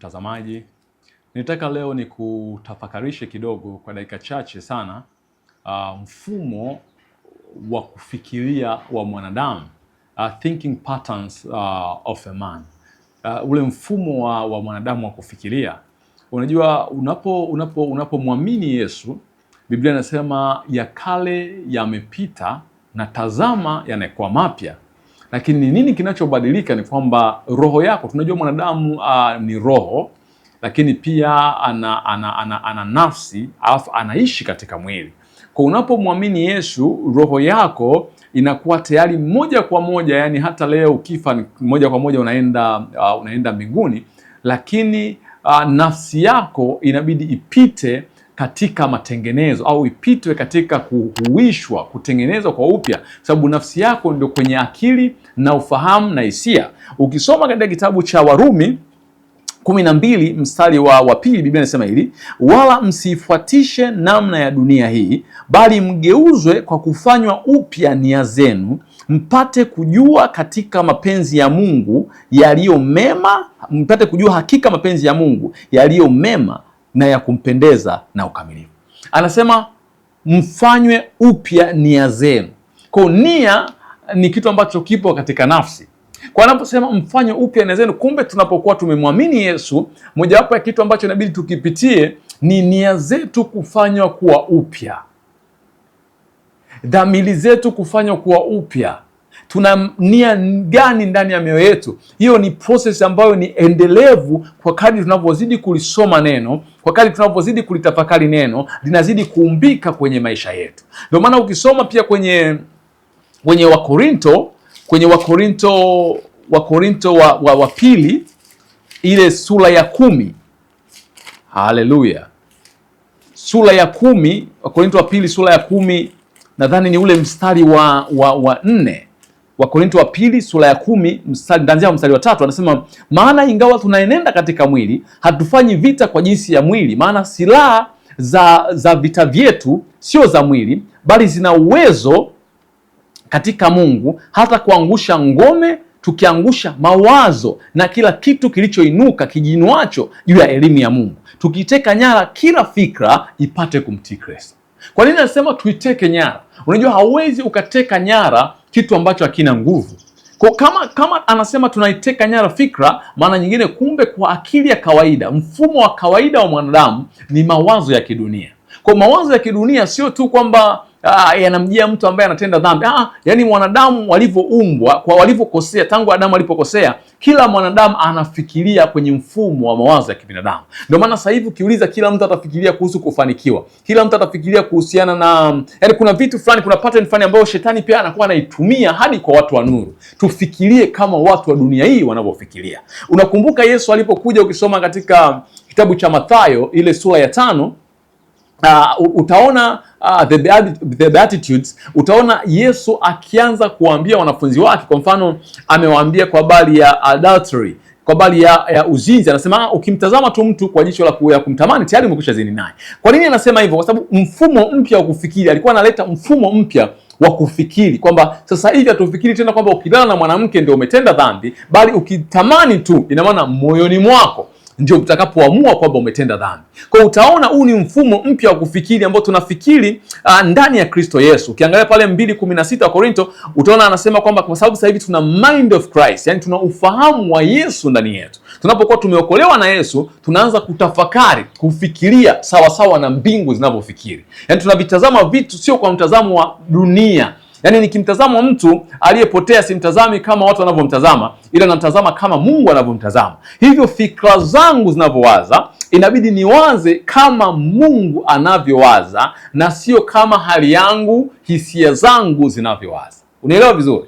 mtazamaji, nitaka leo ni kutafakarishe kidogo kwa dakika chache sana uh, mfumo wa kufikiria wa mwanadamu uh, thinking patterns uh, of a man uh, ule mfumo wa, wa mwanadamu wa kufikiria. Unajua, unapo unapomwamini Yesu, Biblia inasema ya kale yamepita na tazama yanakuwa mapya. Lakini nini kinachobadilika ni kwamba roho yako, tunajua mwanadamu uh, ni roho, lakini pia ana, ana, ana, ana nafsi alafu anaishi katika mwili. Kwa unapomwamini Yesu, roho yako inakuwa tayari moja kwa moja, yani hata leo ukifa moja kwa moja unaenda uh, unaenda mbinguni, lakini uh, nafsi yako inabidi ipite katika matengenezo au ipitwe katika kuhuishwa, kutengenezwa kwa upya, sababu nafsi yako ndio kwenye akili na ufahamu na hisia. Ukisoma katika kitabu cha Warumi kumi na mbili mstari wa wa pili Biblia inasema hili, wala msifuatishe namna ya dunia hii, bali mgeuzwe kwa kufanywa upya nia zenu, mpate kujua katika mapenzi ya Mungu yaliyo mema, mpate kujua hakika mapenzi ya Mungu yaliyo mema na ya kumpendeza na ukamilifu. Anasema mfanywe upya nia zenu. Kwa nia ni kitu ambacho kipo katika nafsi. Kwa anaposema mfanywe upya nia zenu, kumbe tunapokuwa tumemwamini Yesu, mojawapo ya kitu ambacho inabidi tukipitie ni nia zetu kufanywa kuwa upya, dhamili zetu kufanywa kuwa upya tuna nia gani ndani ya mioyo yetu. Hiyo ni process ambayo ni endelevu. Kwa kadri tunavyozidi kulisoma neno, kwa kadri tunavyozidi kulitafakari neno, linazidi kuumbika kwenye maisha yetu. Ndio maana ukisoma pia kwenye kwenye Wakorinto kwenye Wakorinto Wakorinto wa, wa, wa pili ile sura ya kumi haleluya, sura ya kumi Wakorinto wa pili sura ya kumi nadhani ni ule mstari wa, wa, wa nne Wakorintho wa pili sura ya kumi ndanzia mstari wa tatu anasema, maana ingawa tunaenenda katika mwili, hatufanyi vita kwa jinsi ya mwili, maana silaha za, za vita vyetu sio za mwili, bali zina uwezo katika Mungu hata kuangusha ngome tukiangusha mawazo na kila kitu kilichoinuka kijinuacho juu ya elimu ya Mungu, tukiteka nyara kila fikra ipate kumtii Kristo. Kwa nini anasema tuiteke nyara? Unajua, hauwezi ukateka nyara kitu ambacho hakina nguvu. Kwa kama, kama anasema tunaiteka nyara fikra, maana nyingine, kumbe kwa akili ya kawaida, mfumo wa kawaida wa mwanadamu ni mawazo ya kidunia. Kwa mawazo ya kidunia sio tu kwamba ah, yanamjia eh, mtu ambaye anatenda dhambi. Ah, yani mwanadamu walivyoumbwa, kwa walivyokosea, tangu Adamu alipokosea, kila mwanadamu anafikiria kwenye mfumo wa mawazo ya kibinadamu. Ndio maana sasa hivi ukiuliza, kila mtu atafikiria kuhusu kufanikiwa, kila mtu atafikiria kuhusiana na, yani kuna vitu fulani, kuna pattern fulani ambayo shetani pia anakuwa anaitumia hadi kwa watu wa nuru. Tufikirie kama watu wa dunia hii wanavyofikiria. Unakumbuka Yesu alipokuja, ukisoma katika kitabu cha Mathayo ile sura ya tano Uh, utaona uh, the, the Beatitudes, utaona Yesu akianza kuambia wanafunzi wake. Kwa mfano amewaambia kwa habari ya adultery, kwa bali ya, ya uzinzi, anasema ah, ukimtazama tu mtu kwa jicho la kumtamani tayari umekwisha zini naye. Kwa nini anasema hivyo? Kwa sababu mfumo mpya wa kufikiri, alikuwa analeta mfumo mpya wa kufikiri kwamba sasa hivi hatufikiri tena kwamba ukilala na mwanamke ndio umetenda dhambi, bali ukitamani tu, ina maana moyoni mwako ndio mtakapoamua kwamba umetenda dhambi. Kwa utaona huu ni mfumo mpya wa kufikiri ambao tunafikiri uh, ndani ya Kristo Yesu. Ukiangalia pale 2:16 wa Korinto utaona anasema kwamba kwa sababu sasa hivi tuna mind of Christ, yani tuna ufahamu wa Yesu ndani yetu. Tunapokuwa tumeokolewa na Yesu, tunaanza kutafakari, kufikiria sawasawa na mbingu zinavyofikiri, yani tunavitazama vitu sio kwa mtazamo wa dunia Yaani nikimtazama mtu aliyepotea simtazami kama watu wanavyomtazama, ila namtazama kama Mungu anavyomtazama. Hivyo fikra zangu zinavyowaza inabidi niwaze kama Mungu anavyowaza na sio kama hali yangu, hisia zangu zinavyowaza. unaelewa vizuri?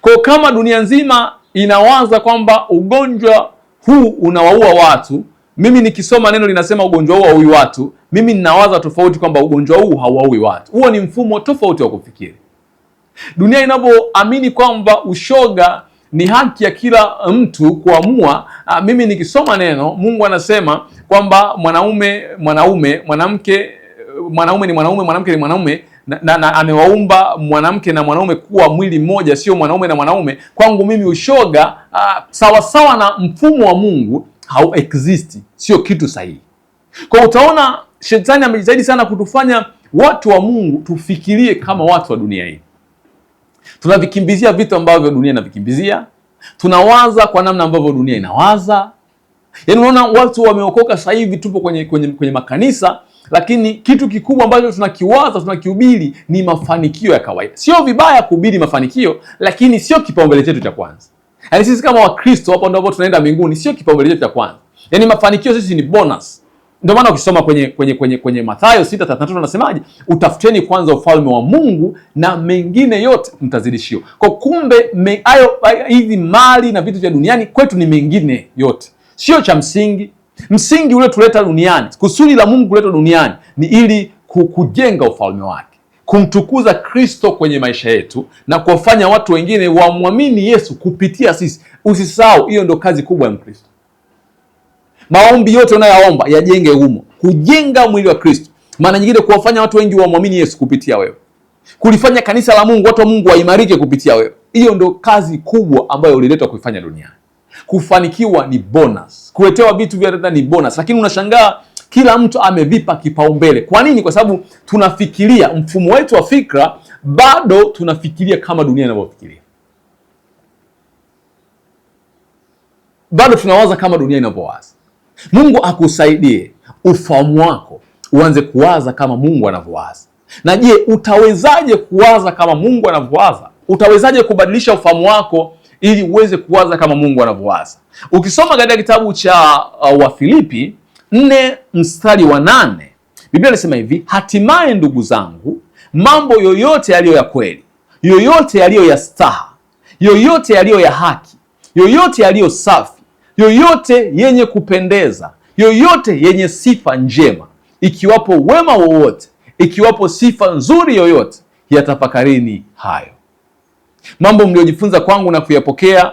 Kwa kama dunia nzima inawaza kwamba ugonjwa huu unawaua watu, mimi nikisoma neno linasema ugonjwa huu hauui watu, mimi ninawaza tofauti kwamba ugonjwa huu hauaui watu. Huo ni mfumo tofauti wa kufikiri. Dunia inapoamini kwamba ushoga ni haki ya kila mtu kuamua. Ah, mimi nikisoma neno Mungu anasema kwamba mwanaume mwanaume, mwanamke mwanaume ni mwanaume, mwanamke ni mwanaume na, na, na amewaumba mwanamke na mwanaume kuwa mwili mmoja, sio mwanaume na mwanaume. Kwangu mimi ushoga sawasawa ah, na mfumo wa Mungu hau exist, sio kitu sahihi. Kwa utaona shetani amejitahidi sana kutufanya watu wa Mungu tufikirie kama watu wa dunia hii. Tunavikimbizia vitu ambavyo dunia inavikimbizia, tunawaza kwa namna ambavyo dunia inawaza. Yaani unaona watu wameokoka sasa hivi, tupo kwenye, kwenye, kwenye makanisa lakini kitu kikubwa ambacho tunakiwaza tunakihubiri ni mafanikio ya kawaida. Sio vibaya kuhubiri mafanikio, lakini sio kipaumbele chetu cha kwanza. Yaani sisi kama Wakristo hapo ndipo tunaenda mbinguni, sio kipaumbele chetu cha kwanza. Yaani mafanikio sisi ni bonus. Ndio maana ukisoma kwenye kwenye kwenye kwenye Mathayo 6:33 anasemaje? Utafuteni kwanza ufalme wa Mungu na mengine yote mtazidishiwa. Kwa kumbe hayo hizi mali na vitu vya duniani kwetu ni mengine yote, sio cha msingi. Msingi ule tuleta duniani, kusudi la Mungu kuleta duniani ni ili kujenga ufalme wake, kumtukuza Kristo kwenye maisha yetu na kuwafanya watu wengine wamwamini Yesu kupitia sisi. Usisahau hiyo, ndio kazi kubwa ya Mkristo. Maombi yote unayoomba yajenge humo, kujenga mwili wa Kristo. Maana nyingine kuwafanya watu wengi wamwamini Yesu kupitia wewe, kulifanya kanisa la Mungu, watu wa Mungu waimarike kupitia wewe. Hiyo ndo kazi kubwa ambayo uliletwa kuifanya duniani. Kufanikiwa ni bonus, kuletewa vitu vya rada ni bonus, lakini unashangaa kila mtu amevipa kipaumbele. Kwa nini? Kwa sababu tunafikiria, mfumo wetu wa fikra bado tunafikiria kama dunia inavyofikiria, bado tunawaza kama dunia inavyowaza. Mungu akusaidie ufahamu wako uanze kuwaza kama Mungu anavyowaza. Na je, utawezaje kuwaza kama Mungu anavyowaza? Utawezaje kubadilisha ufahamu wako ili uweze kuwaza kama Mungu anavyowaza? Ukisoma katika kitabu cha uh, Wafilipi nne mstari wa nane Biblia inasema hivi, hatimaye ndugu zangu, mambo yoyote yaliyo ya kweli, yoyote yaliyo ya staha, yoyote yaliyo ya haki, yoyote yaliyo safi yoyote yenye kupendeza, yoyote yenye sifa njema, ikiwapo wema wowote, ikiwapo sifa nzuri yoyote, yatafakarini hayo mambo mliyojifunza kwangu na kuyapokea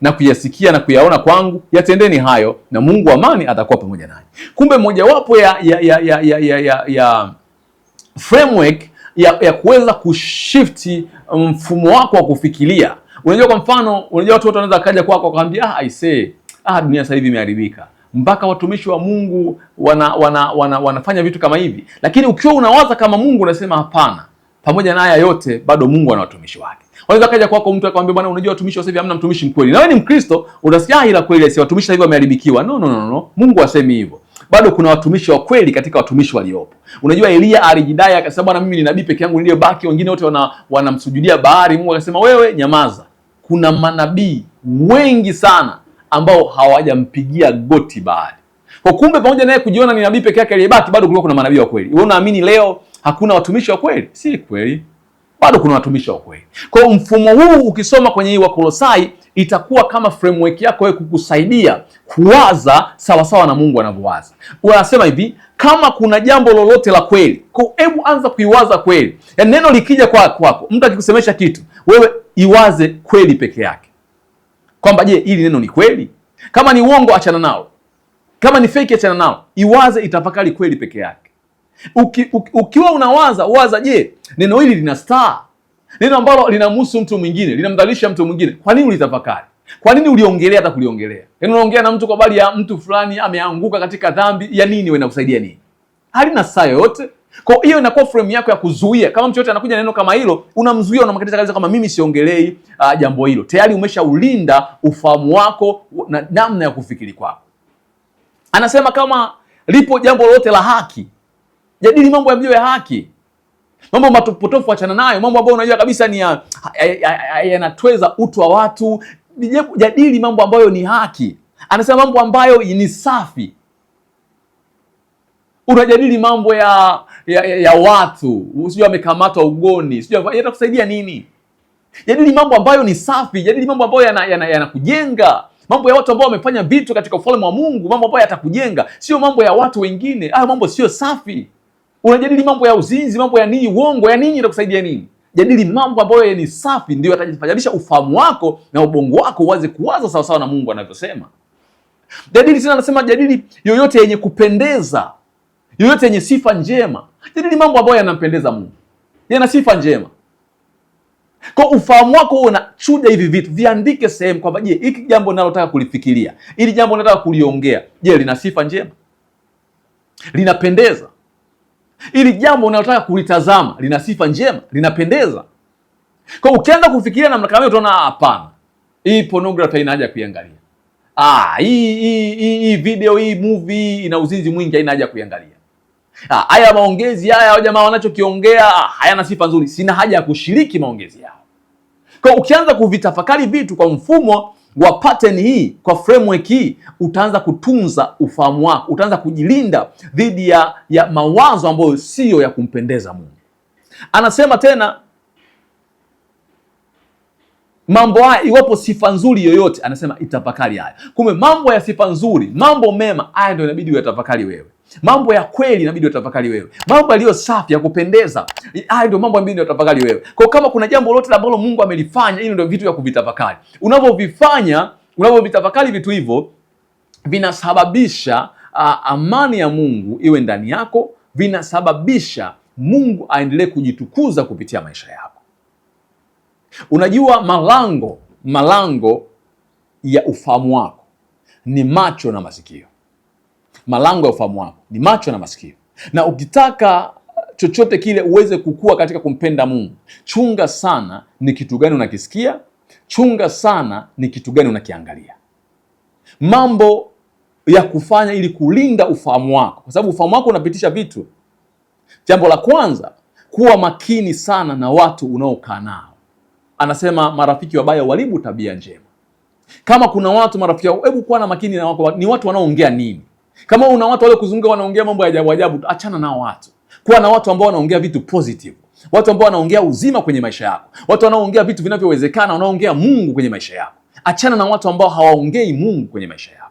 na kuyasikia na kuyaona kwangu, yatendeni hayo, na Mungu wa amani atakuwa pamoja nanyi. Kumbe mojawapo ya, ya, ya, ya, ya, ya, ya, ya framework ya, ya kuweza kushifti mfumo wako wa kufikiria. Unajua, kwa mfano, unajua watu wote wanaweza kaja kwako wakawambia, ah, aisee ah, dunia sasa hivi imeharibika mpaka watumishi wa Mungu wana, wana, wana, wanafanya vitu kama hivi. Lakini ukiwa unawaza kama Mungu unasema hapana, pamoja na haya yote bado Mungu ana watumishi wake. Unaweza kaja kwako mtu akwambia, bwana, unajua watumishi sasa hivi hamna mtumishi mkweli, na wewe ni Mkristo utasikia, ah, ila kweli si watumishi sasa hivi wameharibikiwa. No, no, no, no, Mungu asemi hivyo bado kuna watumishi wa kweli katika watumishi waliopo. Unajua Elia alijidai akasema, bwana, mimi ni nabii peke yangu niliyobaki, wengine wote wana, wanamsujudia bahari. Mungu akasema, wewe nyamaza. Kuna manabii wengi sana ambao hawajampigia goti Baali. Kwa kumbe, pamoja naye kujiona ni nabii peke yake aliyebaki, bado kulikuwa kuna manabii wa kweli. Wewe unaamini leo hakuna watumishi wa kweli? Si kweli, bado kuna watumishi wa kweli. Kwa hiyo mfumo huu ukisoma kwenye hii Wakolosai itakuwa kama framework yako wewe kukusaidia kuwaza sawasawa na Mungu anavyowaza. Unasema hivi, kama kuna jambo lolote la kweli, kwa hebu anza kuiwaza kweli. Yaani neno likija kwako, kwa mtu akikusemesha kitu, wewe iwaze kweli peke yake kwamba je, hili neno ni kweli? Kama ni uongo, achana nao. Kama ni fake, achana nao. Iwaze, itafakari kweli peke yake. Uki, uki, ukiwa unawaza waza, je, neno hili lina star, neno ambalo linamhusu mtu mwingine, linamdhalisha mtu mwingine. Kwa nini ulitafakari? Kwa nini uliongelea hata kuliongelea? Yaani unaongea na mtu kwa habari ya mtu fulani ameanguka katika dhambi ya nini, wewe nakusaidia nini? Halina saa yoyote. Kwa hiyo inakuwa frame yako ya kuzuia. Kama mtu yote anakuja neno kama hilo, unamzuia, unamkatiza kabisa, kama mimi siongelei uh, ah, jambo hilo. Tayari umeshaulinda ufahamu wako na namna ya kufikiri kwako. Anasema kama lipo jambo lolote la haki, jadili mambo yaliyo ya haki. Mambo matopotofu achana nayo, mambo ambayo unajua kabisa ni yanatweza utu wa watu. Jadili mambo ambayo ni haki. Anasema mambo ambayo ni safi unajadili mambo ya ya, ya, ya watu, sijui amekamatwa ugoni, sijui yatakusaidia nini? Jadili mambo ambayo ni safi, jadili mambo ambayo yanakujenga, yana, yana mambo ya watu ambao wamefanya vitu katika ufalme wa Mungu, mambo ambayo yatakujenga, sio mambo ya watu wengine. Hayo ah, mambo sio safi. Unajadili mambo ya uzinzi, mambo ya nini, uongo ya nini, itakusaidia nini? Jadili mambo ambayo ni safi, ndio yatajafajalisha ufahamu wako na ubongo wako uwaze kuwaza sawasawa na Mungu anavyosema. Jadili tena, anasema jadili yoyote yenye kupendeza yoyote yenye sifa njema. Yaani ni mambo ambayo yanampendeza Mungu, yana sifa njema. Kwa ufahamu wako unachuja hivi vitu, viandike sehemu kwamba, je, hiki jambo ninalotaka kulifikiria, ili jambo nataka kuliongea, je, lina sifa njema, linapendeza? Ili jambo unalotaka kulitazama lina sifa njema, linapendeza? Kwa ukianza kufikiria namna kama hiyo, utaona ah, hapana, hii pornography haina haja kuiangalia. Ah, hii hii hii video hii movie ina uzinzi mwingi, haina haja kuiangalia. Ah, haya maongezi haya jamaa wanachokiongea ah, hayana sifa nzuri, sina haja ya kushiriki maongezi yao. Kwa ukianza kuvitafakari vitu kwa mfumo wa pattern hii, kwa framework hii, utaanza kutunza ufahamu wako, utaanza kujilinda dhidi ya, ya mawazo ambayo siyo ya kumpendeza Mungu. Anasema tena mambo haya, iwapo sifa nzuri yoyote, anasema itafakari haya. Kumbe mambo ya sifa nzuri, mambo mema haya ndio inabidi uyatafakari wewe. Mambo ya kweli inabidi utafakari wewe, mambo yaliyo safi ya kupendeza, haya ndio mambo inabidi utafakari wewe. Kwa kama kuna jambo lolote ambalo Mungu amelifanya, hilo ndio vitu vya kuvitafakari. Unavyovifanya, unavyovitafakari vitu hivyo vinasababisha uh, amani ya Mungu iwe ndani yako, vinasababisha Mungu aendelee kujitukuza kupitia maisha yako. Unajua, malango malango ya ufahamu wako ni macho na masikio malango ya ufahamu wako ni macho na masikio, na ukitaka uh, chochote kile uweze kukua katika kumpenda Mungu, chunga sana ni kitu gani unakisikia, chunga sana ni kitu gani unakiangalia, mambo ya kufanya ili kulinda ufahamu wako, kwa sababu ufahamu wako unapitisha vitu. Jambo la kwanza, kuwa makini sana na watu unaokaa nao. Anasema marafiki wabaya walibu tabia njema. Kama kuna watu marafiki hebu kuwa na makini na wako, ni watu wanaoongea nini kama una watu wale kuzunguka wanaongea mambo ya ajabu ajabu, achana nao watu. Kuwa na watu ambao wanaongea vitu positive, watu ambao wanaongea uzima kwenye maisha yako, watu wanaoongea vitu vinavyowezekana, wanaongea Mungu kwenye maisha yako. Achana na watu ambao hawaongei Mungu kwenye maisha yako.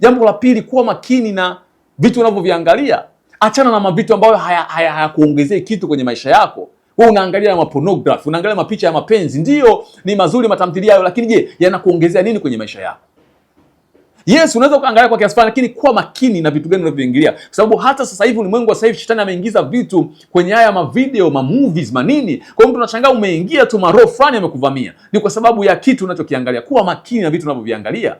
Jambo la pili, kuwa makini na vitu unavyoviangalia. Achana na mavitu ambayo hayakuongezee haya, haya kitu kwenye maisha yako. Wewe unaangalia pornography, unaangalia mapicha ya mapenzi, ndiyo ni mazuri matamthilia hayo, lakini je, yanakuongezea nini kwenye maisha yako? Yes, unaweza ukaangalia kwa kiasi fulani, lakini kuwa makini na vitu gani unavyoingilia, kwa sababu hata sasa hivi ulimwengu wa sasa hivi shetani ameingiza vitu kwenye haya ma video ma movies manini. Kwa hiyo mtu unashangaa umeingia tu, maroho fulani amekuvamia, ni kwa sababu ya kitu unachokiangalia. Kuwa makini na vitu unavyoviangalia.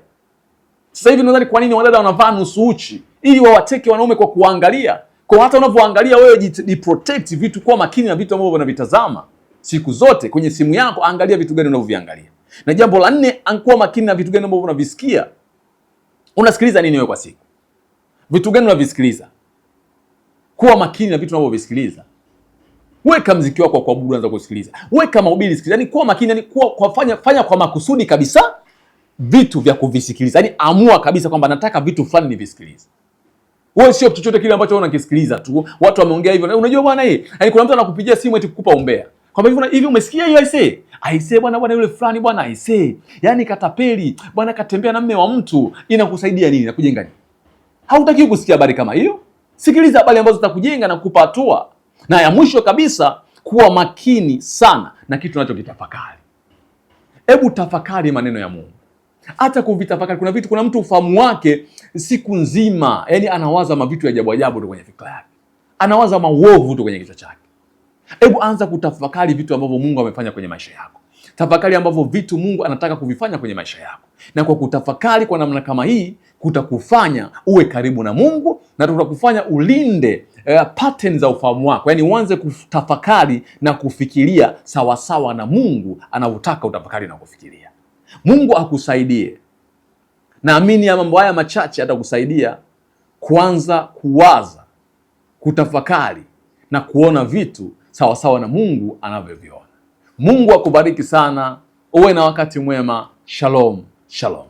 Sasa hivi nadhani kwa nini wadada wanavaa nusu uchi ili wawateke wanaume kwa kuangalia, kwa hata unavyoangalia wewe protect vitu, kuwa makini na vitu ambavyo unavitazama siku zote kwenye simu yako. Angalia vitu gani unavyoviangalia, na jambo la nne, ankuwa makini na vitu gani ambavyo unavisikia. Unasikiliza nini wewe kwa siku? Vitu gani unavisikiliza? Kuwa makini na vitu unavyovisikiliza. Weka mziki wako kwa kuabudu, anza kusikiliza. Weka mahubiri, sikiliza. Yaani kuwa makini, yaani kuwa kwa fanya, fanya kwa makusudi kabisa vitu vya kuvisikiliza. yaani amua kabisa kwamba nataka vitu fulani nivisikilize. Wewe sio chochote kile ambacho unakisikiliza tu. Watu wameongea hivyo. Unajua bwana, hii. Eh, yaani kuna mtu anakupigia simu eti kukupa umbea kwamba hivi hivi, umesikia hiyo aisee, aisee bwana bwana, yule fulani bwana, aisee, yani katapeli bwana, katembea na mme wa mtu, inakusaidia nini na kujenga nini? Hautaki kusikia habari kama hiyo. Sikiliza habari ambazo zitakujenga na kukupa hatua. Na ya mwisho kabisa, kuwa makini sana na kitu unachokitafakari. Hebu tafakari maneno ya Mungu, hata kuvitafakari. Kuna vitu, kuna mtu ufahamu wake siku nzima, yani anawaza mavitu ya ajabu ajabu tu kwenye fikra yake, anawaza mauovu tu kwenye kichwa chake. Hebu anza kutafakari vitu ambavyo Mungu amefanya kwenye maisha yako. Tafakari ambavyo vitu Mungu anataka kuvifanya kwenye maisha yako, na kwa kutafakari kwa namna kama hii kutakufanya uwe karibu na Mungu na tutakufanya ulinde uh, pattern za ufahamu wako, yaani uanze kutafakari na kufikiria sawasawa na Mungu anavyotaka utafakari na kufikiria. Mungu akusaidie. Naamini ya mambo haya machache atakusaidia kuanza kuwaza, kutafakari na kuona vitu sawasawa na Mungu anavyoviona. Mungu akubariki sana, uwe na wakati mwema. Shalom, shalom.